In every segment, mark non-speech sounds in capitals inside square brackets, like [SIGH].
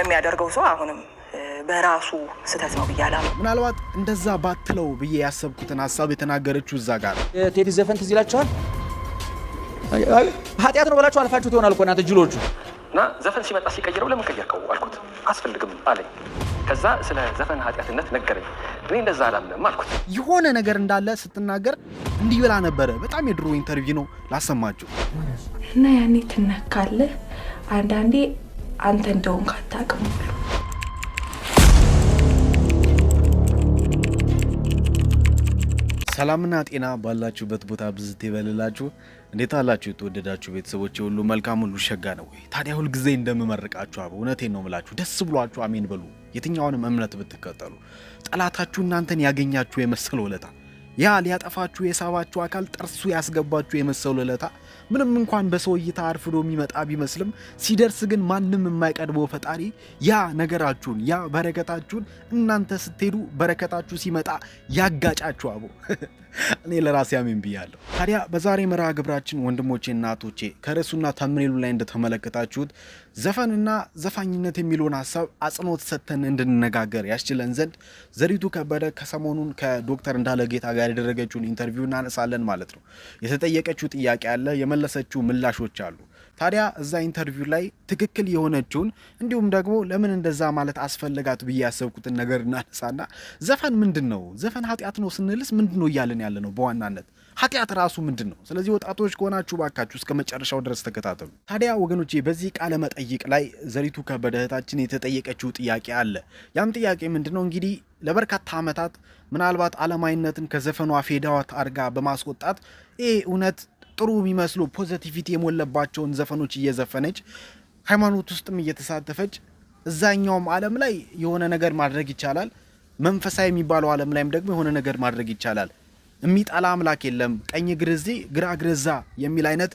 ለሚያደርገው ሰው አሁንም በራሱ ስህተት ነው ብዬ አላምንም። ምናልባት እንደዛ ባትለው ብዬ ያሰብኩትን ሀሳብ የተናገረችው እዛ ጋር ቴዲ ዘፈን ትዝ ይላችኋል። ኃጢአት ነው ብላችሁ አልፋችሁ ትሆናል እኮ እናንተ ጅሎቹ። እና ዘፈን ሲመጣ ሲቀይረው ለምን ቀየርከው አልኩት። አስፈልግም አለኝ። ከዛ ስለ ዘፈን ኃጢአትነት ነገረኝ። እኔ እንደዛ አላምንም አልኩት። የሆነ ነገር እንዳለ ስትናገር እንዲህ ብላ ነበረ። በጣም የድሮ ኢንተርቪው ነው ላሰማችሁ እና ያኔ ትነካለህ አንዳንዴ አንተ እንደውም ካታቅም ሰላምና ጤና ባላችሁበት ቦታ ብዝት ይበልላችሁ። እንዴት አላችሁ? የተወደዳችሁ ቤተሰቦች ሁሉ መልካም ሁሉ ሸጋ ነው ወይ? ታዲያ ሁልጊዜ እንደምመርቃችሁ እውነቴን ነው ምላችሁ፣ ደስ ብሏችሁ አሜን በሉ። የትኛውንም እምነት ብትከተሉ ጠላታችሁ እናንተን ያገኛችሁ የመሰለ ውለታ፣ ያ ሊያጠፋችሁ የሳባችሁ አካል ጥርሱ ያስገባችሁ የመሰለ ውለታ ምንም እንኳን በሰው እይታ አርፍዶ የሚመጣ ቢመስልም ሲደርስ ግን ማንም የማይቀድመው ፈጣሪ ያ ነገራችሁን ያ በረከታችሁን እናንተ ስትሄዱ በረከታችሁ ሲመጣ ያጋጫችሁ አቦ [LAUGHS] እኔ ለራሴ አሜን ብያለሁ። ታዲያ በዛሬ መርሃ ግብራችን ወንድሞቼ እና እህቶቼ ከርዕሱና ተምኔሉ ላይ እንደተመለከታችሁት ዘፈንና ዘፋኝነት የሚለውን ሀሳብ አጽንኦት ሰጥተን እንድንነጋገር ያስችለን ዘንድ ዘሪቱ ከበደ ከሰሞኑን ከዶክተር እንዳለ ጌታ ጋር ያደረገችውን ኢንተርቪው እናነሳለን ማለት ነው። የተጠየቀችው ጥያቄ አለ፣ የመለሰችው ምላሾች አሉ። ታዲያ እዛ ኢንተርቪው ላይ ትክክል የሆነችውን እንዲሁም ደግሞ ለምን እንደዛ ማለት አስፈለጋት ብዬ ያሰብኩትን ነገር እናነሳና ዘፈን ምንድን ነው ዘፈን ኃጢአት ነው ስንልስ ምንድን ነው እያለን ያለ ነው በዋናነት ኃጢአት ራሱ ምንድን ነው? ስለዚህ ወጣቶች ከሆናችሁ ባካችሁ እስከ መጨረሻው ድረስ ተከታተሉ። ታዲያ ወገኖቼ በዚህ ቃለ መጠይቅ ላይ ዘሪቱ ከበደ እህታችን የተጠየቀችው ጥያቄ አለ። ያም ጥያቄ ምንድን ነው እንግዲህ ለበርካታ ዓመታት ምናልባት አለማይነትን ከዘፈኗ ፌዳዋት አድርጋ በማስወጣት ይህ እውነት ጥሩ የሚመስሉ ፖዘቲቪቲ የሞለባቸውን ዘፈኖች እየዘፈነች ሃይማኖት ውስጥም እየተሳተፈች እዛኛውም ዓለም ላይ የሆነ ነገር ማድረግ ይቻላል። መንፈሳዊ የሚባለው ዓለም ላይም ደግሞ የሆነ ነገር ማድረግ ይቻላል። የሚጠላ አምላክ የለም፣ ቀኝ ግርዜ ግራ ግርዛ የሚል አይነት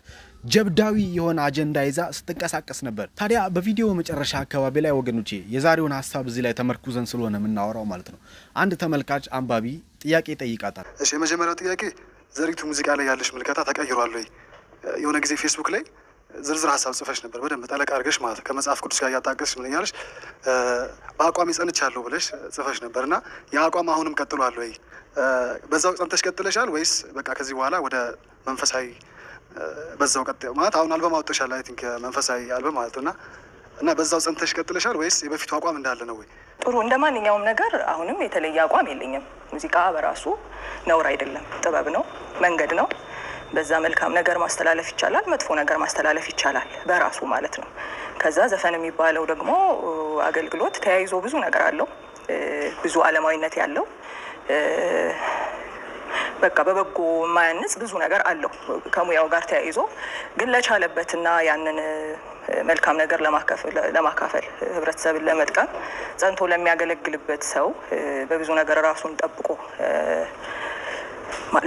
ጀብዳዊ የሆነ አጀንዳ ይዛ ስትንቀሳቀስ ነበር። ታዲያ በቪዲዮ መጨረሻ አካባቢ ላይ ወገኖቼ የዛሬውን ሀሳብ እዚህ ላይ ተመርኩዘን ስለሆነ የምናወራው ማለት ነው አንድ ተመልካች አንባቢ ጥያቄ ይጠይቃታል። እሺ የመጀመሪያው ጥያቄ ዘሪቱ ሙዚቃ ላይ ያለሽ ምልከታ ተቀይሯል ወይ? የሆነ ጊዜ ፌስቡክ ላይ ዝርዝር ሀሳብ ጽፈሽ ነበር፣ በደንብ ጠለቅ አድርገሽ ማለት ነው ከመጽሐፍ ቅዱስ ጋር እያጣቀስሽ ምን እያለሽ በአቋም ጸንቻለሁ ብለሽ ጽፈሽ ነበር እና የአቋም አሁንም ቀጥሏል ወይ? በዛው ጸንተሽ ቀጥለሻል ወይስ በቃ ከዚህ በኋላ ወደ መንፈሳዊ በዛው ቀጥ ማለት አሁን አልበም አውጥተሻል፣ አይ ቲንክ መንፈሳዊ አልበም ማለት ነው እና እና በዛው ጸንተሽ ቀጥለሻል ወይስ የበፊቱ አቋም እንዳለ ነው ወይ? ጥሩ እንደ ማንኛውም ነገር አሁንም የተለየ አቋም የለኝም። ሙዚቃ በራሱ ነውር አይደለም፣ ጥበብ ነው፣ መንገድ ነው። በዛ መልካም ነገር ማስተላለፍ ይቻላል፣ መጥፎ ነገር ማስተላለፍ ይቻላል፣ በራሱ ማለት ነው። ከዛ ዘፈን የሚባለው ደግሞ አገልግሎት ተያይዞ ብዙ ነገር አለው፣ ብዙ አለማዊነት ያለው በቃ በበጎ የማያንጽ ብዙ ነገር አለው ከሙያው ጋር ተያይዞ ግን ለቻለበትና ያንን መልካም ነገር ለማካፈል ህብረተሰብን ለመጥቀም ጸንቶ ለሚያገለግልበት ሰው በብዙ ነገር ራሱን ጠብቆ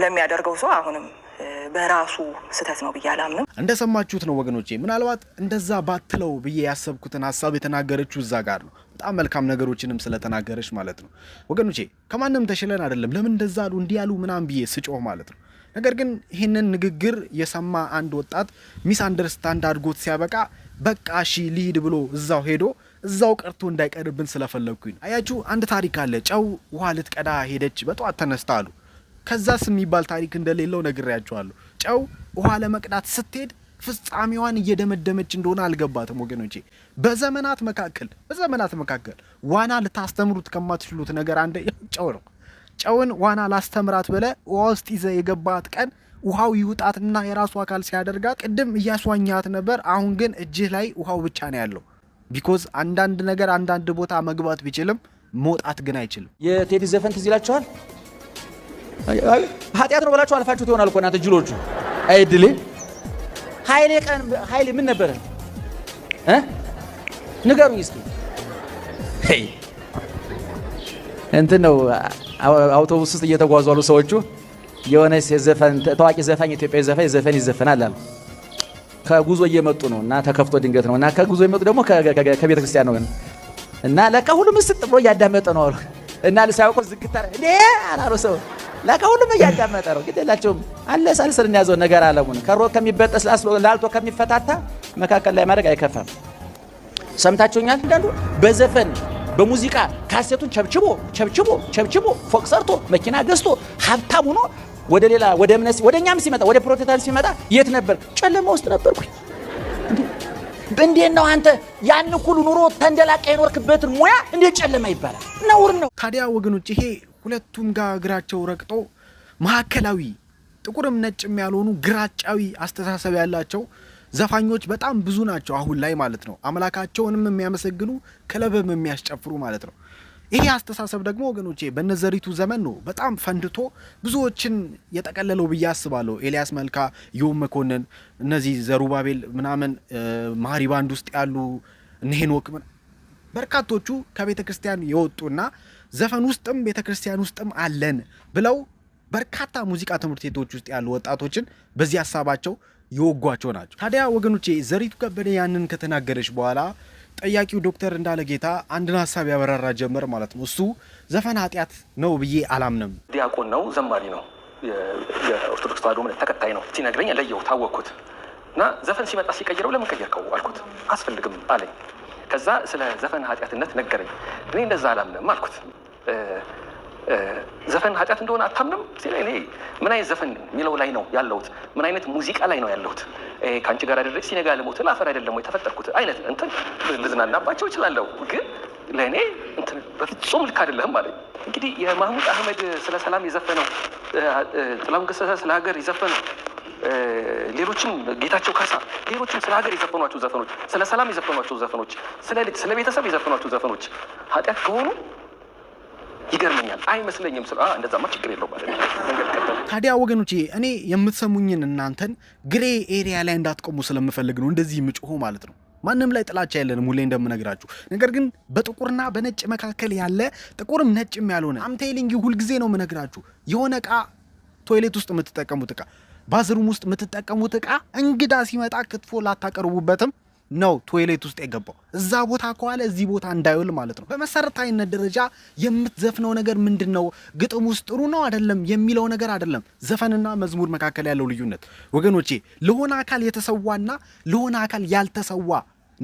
ለሚያደርገው ሰው አሁንም በራሱ ስህተት ነው ብዬ አላምንም። እንደሰማችሁት ነው ወገኖቼ። ምናልባት እንደዛ ባትለው ብዬ ያሰብኩትን ሀሳብ የተናገረችው እዛ ጋር ነው። በጣም መልካም ነገሮችንም ስለተናገረች ማለት ነው ወገኖቼ። ከማንም ተሽለን አይደለም ለምን እንደዛ አሉ እንዲህ ያሉ ምናምን ብዬ ስጮህ ማለት ነው። ነገር ግን ይህንን ንግግር የሰማ አንድ ወጣት ሚስ አንደርስታንድ አድርጎት ሲያበቃ በቃ እሺ ልሂድ ብሎ እዛው ሄዶ እዛው ቀርቶ እንዳይቀርብን ስለፈለግኩኝ አያችሁ። አንድ ታሪክ አለ። ጨው ውሃ ልትቀዳ ሄደች በጠዋት ተነስታ አሉ ከዛስ የሚባል ታሪክ እንደሌለው ነግሬያቸዋለሁ። ጨው ውሃ ለመቅዳት ስትሄድ ፍጻሜዋን እየደመደመች እንደሆነ አልገባትም ወገኖቼ። በዘመናት መካከል በዘመናት መካከል ዋና ልታስተምሩት ከማትችሉት ነገር አንደ ጨው ነው። ጨውን ዋና ላስተምራት ብለህ ውሃ ውስጥ ይዘ የገባት ቀን ውሃው ይውጣትና የራሱ አካል ሲያደርጋት ቅድም እያስዋኛት ነበር። አሁን ግን እጅህ ላይ ውሃው ብቻ ነው ያለው። ቢኮዝ አንዳንድ ነገር አንዳንድ ቦታ መግባት ቢችልም መውጣት ግን አይችልም። የቴዲ ዘፈን ትዝ ይላችኋል? ኃጢአት ነው ብላችሁ አልፋችሁት ይሆናል እኮ እናንተ ጅሎቹ። አይድሌ ድሌ ኃይሌ ቀን ኃይሌ ምን ነበረ እ ንገሩኝ እስኪ። እንትን ነው አውቶቡስ ውስጥ እየተጓዙ አሉ ሰዎቹ። የሆነ ታዋቂ ዘፋኝ ኢትዮጵያዊ ዘፋኝ ዘፈን ይዘፈናል አሉ። ከጉዞ እየመጡ ነው እና ተከፍቶ ድንገት ነው እና ከጉዞ እየመጡ ደግሞ ከቤተ ክርስቲያን ነው እና ለካ ሁሉም ስጥ ብሎ እያዳመጠ ነው አሉ እና ሳያውቁ ዝግታ እንዴ አላሉ ሰው ለካ ሁሉም እያዳመጠ ነው። ግድ የላቸውም። አለሳል ስርን ያዘው ነገር አለሙን ከሮ ከሚበጠስ ላልቶ ከሚፈታታ መካከል ላይ ማድረግ አይከፋም። ሰምታችሁኛል? እንዳሉ በዘፈን በሙዚቃ ካሴቱን ቸብችቦ ቸብችቦ ቸብችቦ ፎቅ ሰርቶ መኪና ገዝቶ ሀብታም ሆኖ ወደ ሌላ ወደ እምነት ወደ እኛም ሲመጣ ወደ ፕሮቴታን ሲመጣ የት ነበር? ጨለማ ውስጥ ነበርኩኝ። እንዴት ነው አንተ ያን ሁሉ ኑሮ ተንደላቀ የኖርክበትን ሙያ እንዴት ጨለማ ይባላል? ነውር ነው። ታዲያ ወገኖች ይሄ ሁለቱም ጋር እግራቸው ረግጦ ማዕከላዊ ጥቁርም ነጭም ያልሆኑ ግራጫዊ አስተሳሰብ ያላቸው ዘፋኞች በጣም ብዙ ናቸው አሁን ላይ ማለት ነው። አምላካቸውንም የሚያመሰግኑ ክለብም የሚያስጨፍሩ ማለት ነው። ይሄ አስተሳሰብ ደግሞ ወገኖቼ በነዘሪቱ ዘመን ነው በጣም ፈንድቶ ብዙዎችን የጠቀለለው ብዬ አስባለሁ። ኤልያስ መልካ፣ ዮም መኮንን፣ እነዚህ ዘሩባቤል ምናምን ማሪ ባንድ ውስጥ ያሉ እነ ሄኖክ በርካቶቹ ከቤተ ክርስቲያን የወጡና ዘፈን ውስጥም ቤተ ክርስቲያን ውስጥም አለን ብለው በርካታ ሙዚቃ ትምህርት ቤቶች ውስጥ ያሉ ወጣቶችን በዚህ ሀሳባቸው የወጓቸው ናቸው። ታዲያ ወገኖቼ ዘሪቱ ከበደ ያንን ከተናገረች በኋላ ጠያቂው ዶክተር እንዳለ ጌታ አንድን ሀሳብ ያበራራ ጀመር ማለት ነው። እሱ ዘፈን ኃጢአት ነው ብዬ አላምንም። ዲያቆን ነው፣ ዘማሪ ነው፣ የኦርቶዶክስ ተዋሕዶ እምነት ተከታይ ነው ሲነግረኝ ለየው ታወቅኩት እና ዘፈን ሲመጣ ሲቀይረው ለምን ቀየርከው አልኩት። አስፈልግም አለኝ ከዛ ስለ ዘፈን ኃጢአትነት ነገረኝ። እኔ እንደዛ አላምንም አልኩት። ዘፈን ኃጢአት እንደሆነ አታምንም ሲል እኔ ምን አይነት ዘፈን የሚለው ላይ ነው ያለሁት? ምን አይነት ሙዚቃ ላይ ነው ያለሁት? ከአንቺ ጋር አደረግ ሲነጋ ልሞት ላፈር አይደለም ወይ የተፈጠርኩት አይነት እንትን ልዝናናባቸው እችላለሁ ግን ለእኔ በፍጹም ልክ አይደለም አለ። እንግዲህ የማህሙድ አህመድ ስለ ሰላም የዘፈነው ጥላሁን ገሰሰ ስለ ሀገር የዘፈነው ሌሎችም ጌታቸው ካሳ፣ ሌሎችም ስለ ሀገር የዘፈኗቸው ዘፈኖች፣ ስለ ሰላም የዘፈኗቸው ዘፈኖች፣ ስለ ቤተሰብ የዘፈኗቸው ዘፈኖች ኃጢአት ከሆኑ ይገርመኛል። አይመስለኝም። ስለ እንደዛማ ችግር የለው ማለት ነው። ታዲያ ወገኖቼ እኔ የምትሰሙኝን እናንተን ግሬ ኤሪያ ላይ እንዳትቆሙ ስለምፈልግ ነው እንደዚህ ምጮሆ ማለት ነው። ማንም ላይ ጥላቻ የለንም፣ ሁሌ እንደምነግራችሁ ነገር ግን በጥቁርና በነጭ መካከል ያለ ጥቁርም ነጭም ያልሆነ አምቴሊንግ ሁልጊዜ ነው የምነግራችሁ የሆነ እቃ ቶይሌት ውስጥ የምትጠቀሙት እቃ ባዝሩም ውስጥ የምትጠቀሙት እቃ እንግዳ ሲመጣ ክትፎ ላታቀርቡበትም ነው ቶይሌት ውስጥ የገባው። እዛ ቦታ ከዋለ እዚህ ቦታ እንዳይውል ማለት ነው። በመሰረታዊነት ደረጃ የምትዘፍነው ነገር ምንድን ነው፣ ግጥም ውስጥ ጥሩ ነው አይደለም የሚለው ነገር አይደለም ዘፈንና መዝሙር መካከል ያለው ልዩነት ወገኖቼ፣ ለሆነ አካል የተሰዋና ለሆነ አካል ያልተሰዋ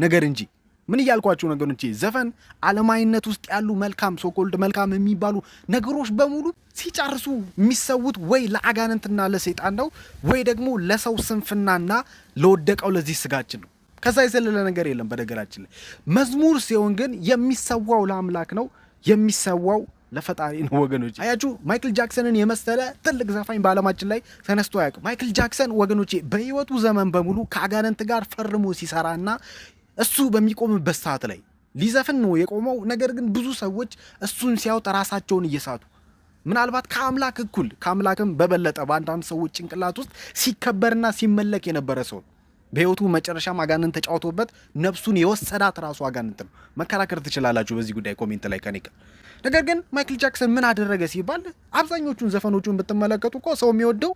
ነገር እንጂ ምን እያልኳቸው ነገሮች ዘፈን አለማይነት ውስጥ ያሉ መልካም ሶኮልድ መልካም የሚባሉ ነገሮች በሙሉ ሲጨርሱ የሚሰዉት ወይ ለአጋንንትና ለሰይጣን ነው ወይ ደግሞ ለሰው ስንፍናና ለወደቀው ለዚህ ስጋችን ነው። ከዛ የዘለለ ነገር የለም። በነገራችን ላይ መዝሙር ሲሆን ግን የሚሰዋው ለአምላክ ነው፣ የሚሰዋው ለፈጣሪ ነው። ወገኖች አያችሁ፣ ማይክል ጃክሰንን የመሰለ ትልቅ ዘፋኝ በዓለማችን ላይ ተነስቶ አያውቅም። ማይክል ጃክሰን ወገኖቼ በህይወቱ ዘመን በሙሉ ከአጋንንት ጋር ፈርሞ ሲሰራና እሱ በሚቆምበት ሰዓት ላይ ሊዘፍን ነው የቆመው። ነገር ግን ብዙ ሰዎች እሱን ሲያዩት ራሳቸውን እየሳቱ ምናልባት ከአምላክ እኩል ከአምላክም በበለጠ በአንዳንድ ሰዎች ጭንቅላት ውስጥ ሲከበርና ሲመለክ የነበረ ሰው በህይወቱ መጨረሻም አጋንንት ተጫውቶበት ነፍሱን የወሰዳት ራሱ አጋንንት ነው። መከራከር ትችላላችሁ በዚህ ጉዳይ ኮሜንት ላይ ከኔ ጋር። ነገር ግን ማይክል ጃክሰን ምን አደረገ ሲባል አብዛኞቹን ዘፈኖቹን ብትመለከቱ እኮ ሰው የሚወደው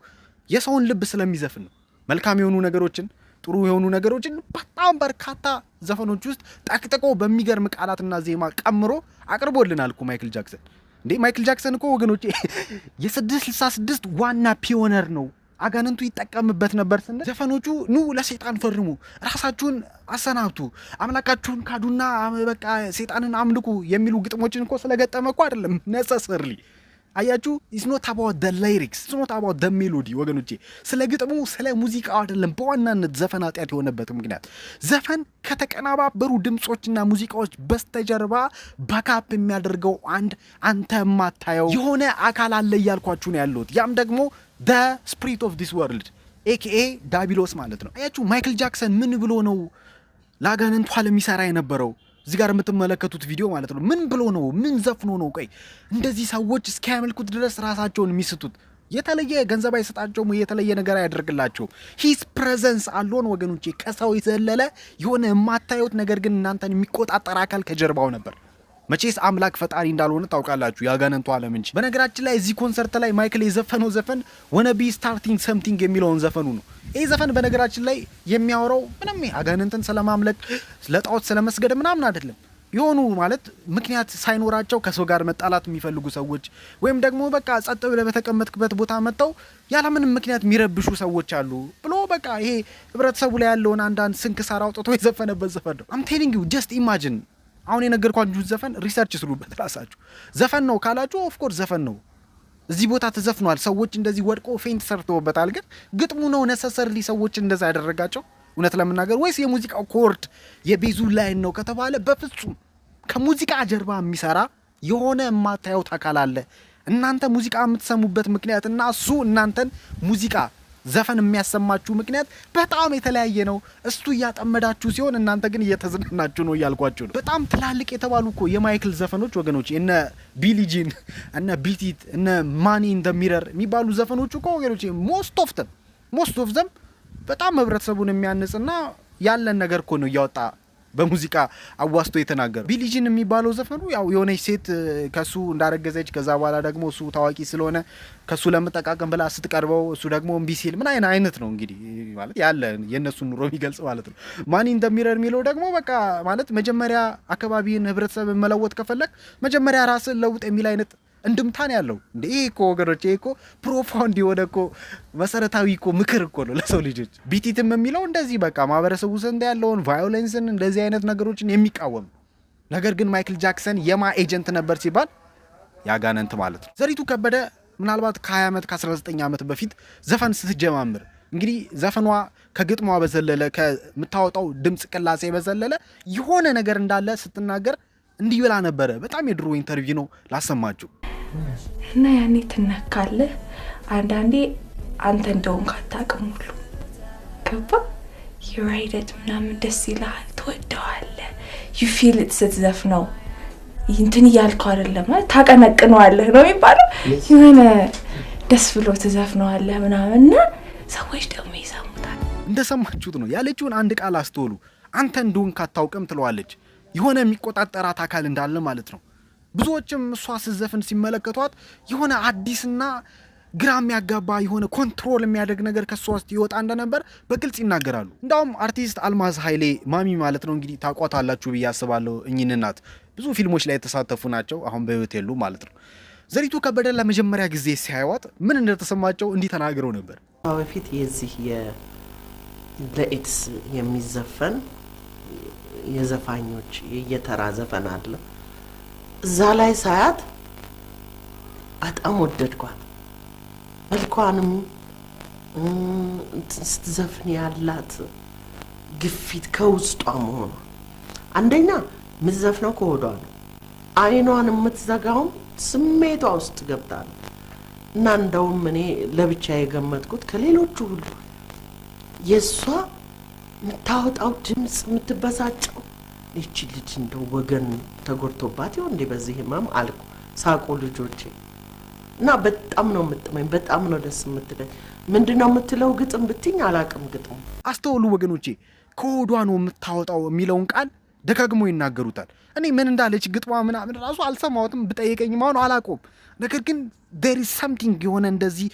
የሰውን ልብ ስለሚዘፍን ነው። መልካም የሆኑ ነገሮችን ጥሩ የሆኑ ነገሮችን በጣም በርካታ ዘፈኖች ውስጥ ጠቅጥቆ በሚገርም ቃላትና ዜማ ቀምሮ አቅርቦልናል እኮ ማይክል ጃክሰን። እንዴ ማይክል ጃክሰን እኮ ወገኖች [LAUGHS] የስድስት ስልሳ ዋና ፒዮነር ነው። አጋንንቱ ይጠቀምበት ነበር ስንል ዘፈኖቹ ኑ ለሴጣን ፈርሙ፣ ራሳችሁን አሰናብቱ፣ አምላካችሁን ካዱና በቃ ሴጣንን አምልኩ የሚሉ ግጥሞችን እኮ ስለገጠመ እኮ አይደለም ነሰሰርሊ አያችሁ ኢስ ኖት አባውት ደ ላይሪክስ ኢስ ኖት አባውት ደ ሜሎዲ ወገኖቼ፣ ስለ ግጥሙ ስለ ሙዚቃው አይደለም። በዋናነት ዘፈን አጥያት የሆነበት ምክንያት ዘፈን ከተቀናባበሩ ድምፆችና ሙዚቃዎች በስተጀርባ በካፕ የሚያደርገው አንድ አንተ የማታየው የሆነ አካል አለ እያልኳችሁ ነው ያለሁት። ያም ደግሞ ደ ስፕሪት ኦፍ ዲስ ወርልድ ኤኬኤ ዳቢሎስ ማለት ነው። አያችሁ ማይክል ጃክሰን ምን ብሎ ነው ለአጋንንቱ የሚሰራ የነበረው? እዚህ ጋር የምትመለከቱት ቪዲዮ ማለት ነው። ምን ብሎ ነው ምን ዘፍኖ ነው ቆይ እንደዚህ ሰዎች እስኪያመልኩት ድረስ ራሳቸውን የሚስቱት? የተለየ ገንዘብ አይሰጣቸውም፣ የተለየ ነገር አያደርግላቸው። ሂስ ፕሬዘንስ አልሆን ወገኖቼ፣ ከሰው የዘለለ የሆነ የማታዩት ነገር ግን እናንተን የሚቆጣጠር አካል ከጀርባው ነበር። መቼስ አምላክ ፈጣሪ እንዳልሆነ ታውቃላችሁ፣ ያጋነንቱ ዓለም እንጂ። በነገራችን ላይ እዚህ ኮንሰርት ላይ ማይክል የዘፈነው ዘፈን ወነ ቢ ስታርቲንግ ሰምቲንግ የሚለውን ዘፈኑ ነው። ይህ ዘፈን በነገራችን ላይ የሚያወራው ምንም አጋንንትን ስለማምለክ ለጣዖት ስለመስገድ ምናምን አይደለም። የሆኑ ማለት ምክንያት ሳይኖራቸው ከሰው ጋር መጣላት የሚፈልጉ ሰዎች ወይም ደግሞ በቃ ጸጥ ብለህ በተቀመጥክበት ቦታ መጥተው ያለምንም ምክንያት የሚረብሹ ሰዎች አሉ ብሎ በቃ ይሄ ህብረተሰቡ ላይ ያለውን አንዳንድ ስንክሳር አውጥቶ የዘፈነበት ዘፈን ነው። አም ቴሊንግ ዩ ጀስት ኢማጂን አሁን የነገርኳችሁ ዘፈን ሪሰርች ስሩበት ራሳችሁ። ዘፈን ነው ካላችሁ ኦፍኮርስ ዘፈን ነው። እዚህ ቦታ ተዘፍኗል። ሰዎች እንደዚህ ወድቆ ፌንት ሰርተውበታል። ግን ግጥሙ ነው ነሰሰርሊ ሰዎች እንደዛ ያደረጋቸው እውነት ለመናገር ወይስ የሙዚቃ ኮርድ የቤዙ ላይን ነው ከተባለ በፍጹም ከሙዚቃ ጀርባ የሚሰራ የሆነ የማታዩት አካል አለ። እናንተ ሙዚቃ የምትሰሙበት ምክንያት እና እሱ እናንተን ሙዚቃ ዘፈን የሚያሰማችሁ ምክንያት በጣም የተለያየ ነው። እሱ እያጠመዳችሁ ሲሆን እናንተ ግን እየተዝናናችሁ ነው እያልኳችሁ ነው። በጣም ትላልቅ የተባሉ እኮ የማይክል ዘፈኖች ወገኖች፣ እነ ቢሊጂን፣ እነ ቢቲት፣ እነ ማኒ እንደሚረር የሚባሉ ዘፈኖች እኮ ወገኖች ሞስት ኦፍ ዘም ሞስት ኦፍ ዘም በጣም ህብረተሰቡን የሚያንጽና ያለን ነገር እኮ ነው እያወጣ በሙዚቃ አዋስቶ የተናገረ ቢሊጂን የሚባለው ዘፈኑ ያው የሆነች ሴት ከሱ እንዳረገዘች ከዛ በኋላ ደግሞ እሱ ታዋቂ ስለሆነ ከሱ ለመጠቃቀም ብላ ስትቀርበው እሱ ደግሞ እምቢ ሲል ምን አይነት አይነት ነው እንግዲህ ማለት ያለ የእነሱን ኑሮ የሚገልጽ ማለት ነው። ማን እንደሚረር የሚለው ደግሞ በቃ ማለት መጀመሪያ አካባቢን ህብረተሰብ መለወጥ ከፈለግ መጀመሪያ ራስን ለውጥ የሚል አይነት እንድምታን ያለው እንደ ይሄ እኮ ወገኖች፣ ይሄ እኮ ፕሮፋውንድ የሆነ እኮ መሰረታዊ እኮ ምክር እኮ ነው ለሰው ልጆች። ቢቲትም የሚለው እንደዚህ በቃ ማህበረሰቡ ዘንድ ያለውን ቫዮለንስን እንደዚህ አይነት ነገሮችን የሚቃወም ነገር ግን ማይክል ጃክሰን የማ ኤጀንት ነበር ሲባል ያጋነንት ማለት ነው። ዘሪቱ ከበደ ምናልባት ከ20 ዓመት ከ19 ዓመት በፊት ዘፈን ስትጀማምር እንግዲህ ዘፈኗ ከግጥሟ በዘለለ ከምታወጣው ድምፅ ቅላሴ በዘለለ የሆነ ነገር እንዳለ ስትናገር እንዲህ ብላ ነበረ። በጣም የድሮ ኢንተርቪው ነው ላሰማችሁ እና ያኔ ትነካለህ። አንዳንዴ አንተ እንደውን ካታቅም ሁሉ ገባ ዩራይደት ምናምን ደስ ይልሃል፣ ትወደዋለህ። ዩ ፊል ስትዘፍነው እንትን እያልከው አይደለም ታቀነቅነዋለህ ነው የሚባለው። የሆነ ደስ ብሎ ትዘፍነዋለህ ምናምን እና ሰዎች ደግሞ ይሰሙታል። እንደሰማችሁት ነው ያለችውን አንድ ቃል አስተውሉ። አንተ እንደውን ካታውቅም ትለዋለች የሆነ የሚቆጣጠራት አካል እንዳለ ማለት ነው። ብዙዎችም እሷ ስዘፍን ሲመለከቷት የሆነ አዲስና ግራ የሚያጋባ የሆነ ኮንትሮል የሚያደርግ ነገር ከእሷ ውስጥ ይወጣ እንደነበር በግልጽ ይናገራሉ። እንዳውም አርቲስት አልማዝ ኃይሌ ማሚ ማለት ነው እንግዲህ ታውቋታላችሁ ብዬ አስባለሁ። እኚህን እናት ብዙ ፊልሞች ላይ የተሳተፉ ናቸው። አሁን በህይወት የሉ ማለት ነው። ዘሪቱ ከበደ ለመጀመሪያ ጊዜ ሲያይዋት ምን እንደተሰማቸው እንዲህ ተናግረው ነበር። በፊት የዚህ ለኤድስ የሚዘፈን የዘፋኞች የየተራ ዘፈን አለ። እዛ ላይ ሳያት በጣም ወደድኳት። መልኳንም ስትዘፍን ያላት ግፊት ከውስጧ መሆኗ አንደኛ የምትዘፍነው ከሆዷ ነው። አይኗን የምትዘጋውም ስሜቷ ውስጥ ገብታ ነው እና እንደውም እኔ ለብቻ የገመትኩት ከሌሎቹ ሁሉ የእሷ የምታወጣው ድምፅ የምትበሳጨው ይቺ ልጅ እንደ ወገን ተጎድቶባት ይሆን እንዴ በዚህ ህመም አልኩ። ሳቁ ልጆቼ እና በጣም ነው የምጥመኝ፣ በጣም ነው ደስ የምትለኝ። ምንድን ነው የምትለው ግጥም ብትኝ አላቅም ግጥም። አስተውሉ ወገኖቼ፣ ከሆዷ ነው የምታወጣው የሚለውን ቃል ደጋግሞ ይናገሩታል። እኔ ምን እንዳለች ግጥሟ ምናምን ራሱ አልሰማሁትም፣ ብጠይቀኝ ማሆን አላቆም። ነገር ግን ዴር ሰምቲንግ የሆነ እንደዚህ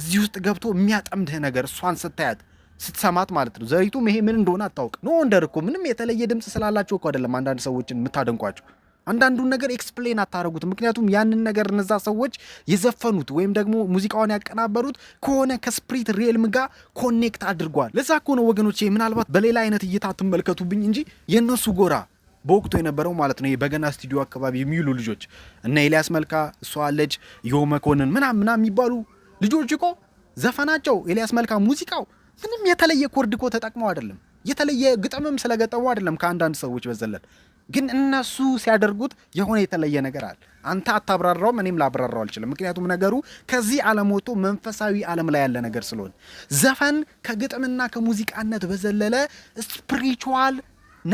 እዚህ ውስጥ ገብቶ የሚያጠምድህ ነገር እሷን ስታያት ስትሰማት ማለት ነው። ዘሪቱም ይሄ ምን እንደሆነ አታውቅ። ኖ ወንደር እኮ ምንም የተለየ ድምፅ ስላላቸው እኮ አይደለም አንዳንድ ሰዎችን የምታደንቋቸው አንዳንዱን ነገር ኤክስፕሌን አታደረጉት። ምክንያቱም ያንን ነገር እነዛ ሰዎች የዘፈኑት ወይም ደግሞ ሙዚቃውን ያቀናበሩት ከሆነ ከስፕሪት ሪልም ጋር ኮኔክት አድርጓል። ለዛ ከሆነ ወገኖቼ ምናልባት በሌላ አይነት እይታ ትመልከቱብኝ እንጂ የእነሱ ጎራ በወቅቱ የነበረው ማለት ነው በገና ስቱዲዮ አካባቢ የሚውሉ ልጆች እነ ኤልያስ መልካ፣ እሷ አለች ዮ መኮንን ምናም ምናምን የሚባሉ ልጆች እኮ ዘፈናቸው ኤልያስ መልካ ሙዚቃው ምንም የተለየ ኮርድ እኮ ተጠቅመው አይደለም፣ የተለየ ግጥምም ስለገጠሙ አይደለም። ከአንዳንድ ሰዎች በዘለል ግን እነሱ ሲያደርጉት የሆነ የተለየ ነገር አለ። አንተ አታብራራውም፣ እኔም ላብራራው አልችልም። ምክንያቱም ነገሩ ከዚህ ዓለም ወጥቶ መንፈሳዊ ዓለም ላይ ያለ ነገር ስለሆነ ዘፈን ከግጥምና ከሙዚቃነት በዘለለ ስፕሪቹዋል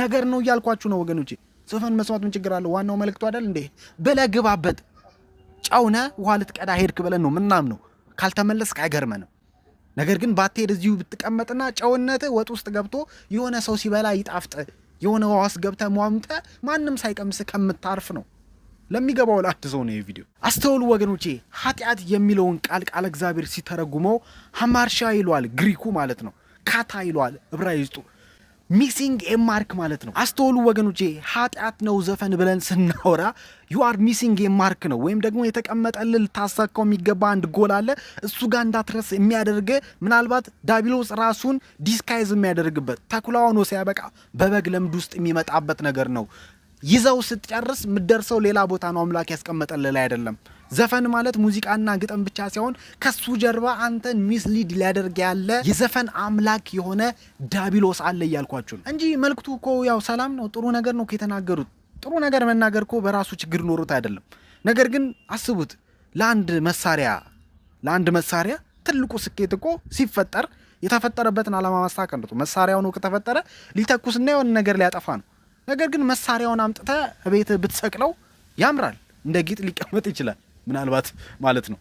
ነገር ነው እያልኳችሁ ነው ወገኖች። ዘፈን መስማት ምን ችግር አለው? ዋናው መልእክቱ አይደል እንዴ? ብለህ ግባበት። ውሃ ልትቀዳ ሄድክ ብለን ነው ምናምን ነው። ካልተመለስክ አይገርመንም። ነገር ግን ባትሄድ እዚሁ ብትቀመጥና ጨውነት ወጥ ውስጥ ገብቶ የሆነ ሰው ሲበላ ይጣፍጥ የሆነ ዋስ ገብተ ሟምጠ ማንም ሳይቀምስ ከምታርፍ ነው። ለሚገባው ለአንድ ሰው ነው የቪዲዮ አስተውሉ ወገኖቼ። ኃጢአት የሚለውን ቃል ቃል እግዚአብሔር ሲተረጉመው ሀማርሻ ይሏል ግሪኩ ማለት ነው። ካታ ይለዋል ዕብራይስጡ ሚሲንግ ኤማርክ ማለት ነው። አስተውሉ ወገኖቼ፣ ኃጢአት ነው ዘፈን ብለን ስናወራ አር ሚሲንግ ኤማርክ ነው። ወይም ደግሞ የተቀመጠል ልታሳካው የሚገባ አንድ ጎል አለ። እሱ ጋር እንዳትረስ የሚያደርግ ምናልባት ዳቢሎስ ራሱን ዲስካይዝ የሚያደርግበት ተኩላ ሆኖ ሲያበቃ በበግ ለምድ ውስጥ የሚመጣበት ነገር ነው። ይዘው ስትጨርስ የምትደርሰው ሌላ ቦታ ነው። አምላክ ያስቀመጠልህ ላይ አይደለም። ዘፈን ማለት ሙዚቃና ግጥም ብቻ ሳይሆን ከሱ ጀርባ አንተን ሚስሊድ ሊያደርግ ያለ የዘፈን አምላክ የሆነ ዳቢሎስ አለ እያልኳችሁ ነው እንጂ መልክቱ እኮ ያው ሰላም ነው። ጥሩ ነገር ነው የተናገሩት። ጥሩ ነገር መናገር እኮ በራሱ ችግር ኖሮት አይደለም። ነገር ግን አስቡት፣ ለአንድ መሳሪያ ለአንድ መሳሪያ ትልቁ ስኬት እኮ ሲፈጠር የተፈጠረበትን ዓላማ ማስተካከል ነው። መሳሪያ ከተፈጠረ ሊተኩስና የሆነ ነገር ሊያጠፋ ነው። ነገር ግን መሳሪያውን አምጥተ ቤት ብትሰቅለው ያምራል፣ እንደ ጌጥ ሊቀመጥ ይችላል። ምናልባት ማለት ነው።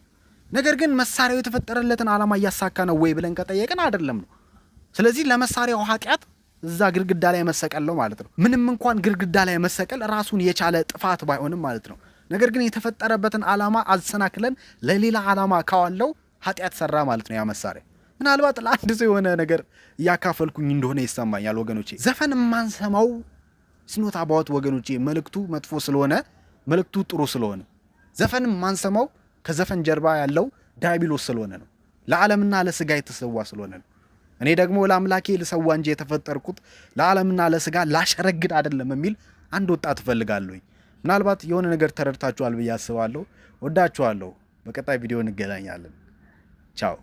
ነገር ግን መሳሪያው የተፈጠረለትን ዓላማ እያሳካ ነው ወይ ብለን ከጠየቅን አይደለም ነው። ስለዚህ ለመሳሪያው ኃጢአት እዛ ግድግዳ ላይ መሰቀል ነው ማለት ነው። ምንም እንኳን ግድግዳ ላይ መሰቀል ራሱን የቻለ ጥፋት ባይሆንም ማለት ነው። ነገር ግን የተፈጠረበትን ዓላማ አሰናክለን ለሌላ ዓላማ ካዋለው ኃጢአት ሰራ ማለት ነው ያ መሳሪያ። ምናልባት ለአንድ ሰው የሆነ ነገር እያካፈልኩኝ እንደሆነ ይሰማኛል ወገኖቼ። ዘፈን የማንሰማው ሲኖት አባወት ወገኖቼ መልእክቱ መጥፎ ስለሆነ መልእክቱ ጥሩ ስለሆነ ዘፈን የማንሰማው ከዘፈን ጀርባ ያለው ዲያብሎስ ስለሆነ ነው። ለዓለምና ለስጋ የተሰዋ ስለሆነ ነው። እኔ ደግሞ ለአምላኬ ልሰዋ እንጂ የተፈጠርኩት ለዓለምና ለስጋ ላሸረግድ አይደለም የሚል አንድ ወጣት እፈልጋለሁኝ። ምናልባት የሆነ ነገር ተረድታችኋል ብዬ አስባለሁ። ወዳችኋለሁ። በቀጣይ ቪዲዮ እንገናኛለን። ቻው